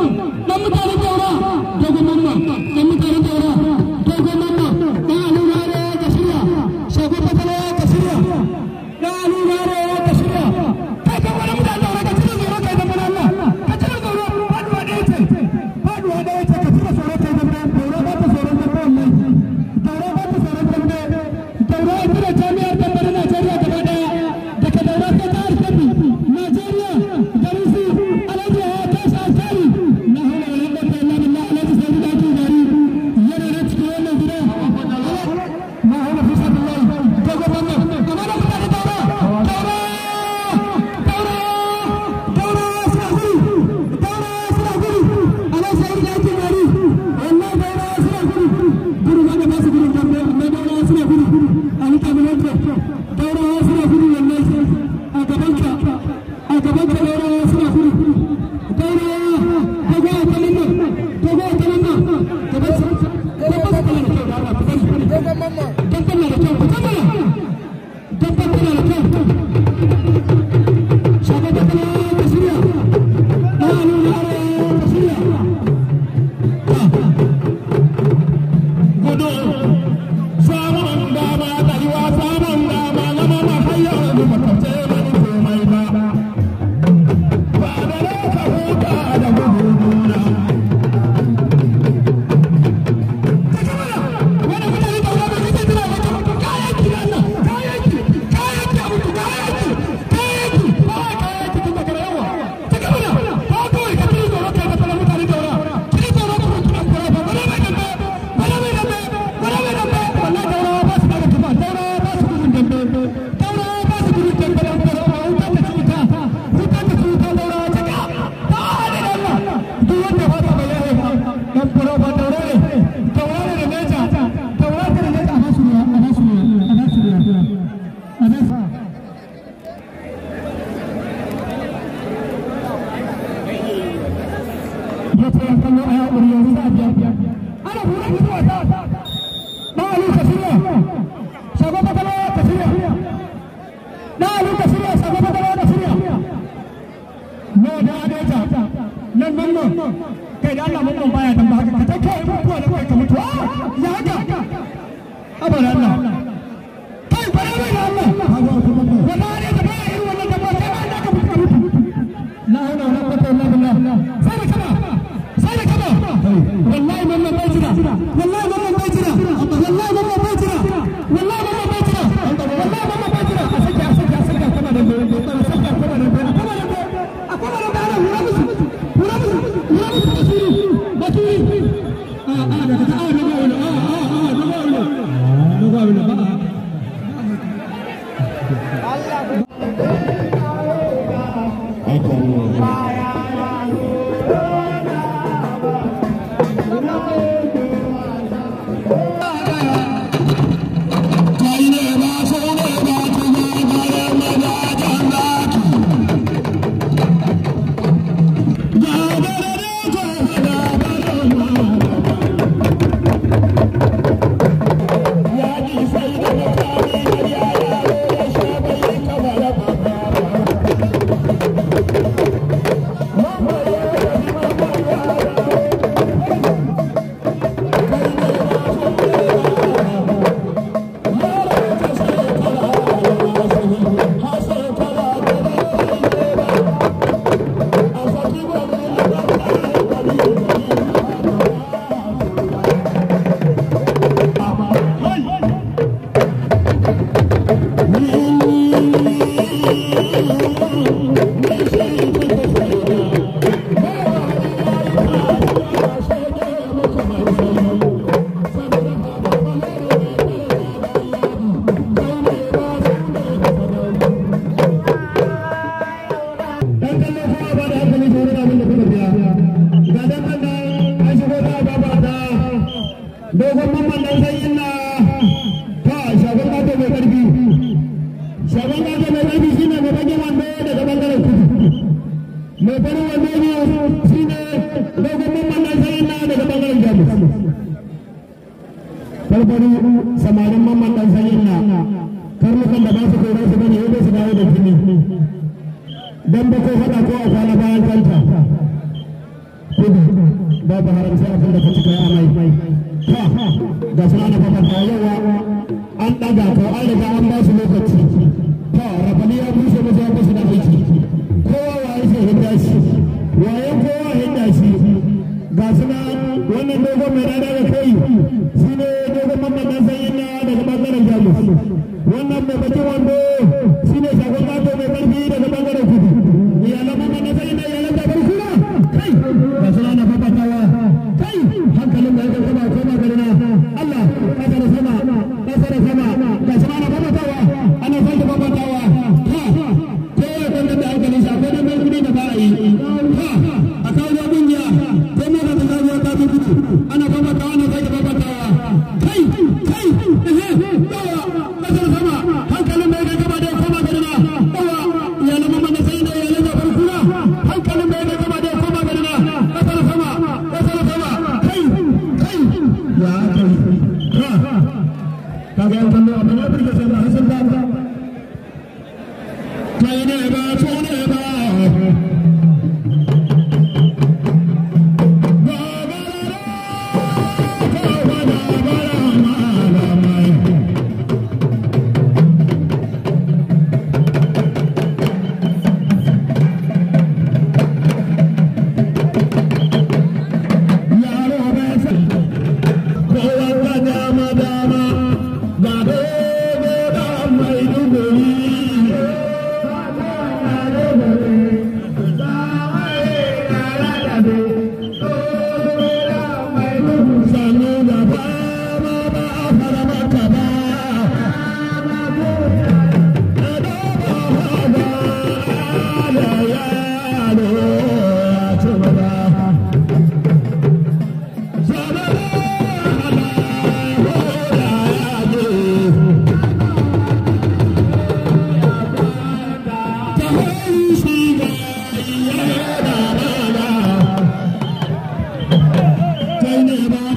文文部科 kai da Allah mamman baya dan ka da kai ka mutu ah, ya haka Allah kai da Allah ne da irin wannan da ba sai ka mutu la wala quwwata illa billah sai da kaba sai da kaba wallahi bai jira Olha, dogon mamman dan sanyin na ta mai karfi shagon gato mai karfi shi ne mai bagin ya daga bangaren kudu mai farin wando ne shi ne dogon na daga bangaren jamus farfaru samarin mamman dan sanyin na karnukan da ba su koran su bane yadda su dawo da jini don ba ko ko a kwana bayan kanta kudu haramsa abin da ka cika ga suna da yawa an ɗaga ko an riga an ba su lokaci to rafali ya bushe musu ya bushe da aiki kowa waye hinda shi waye kowa hinda shi ga suna wannan dogon mai rada ta yi na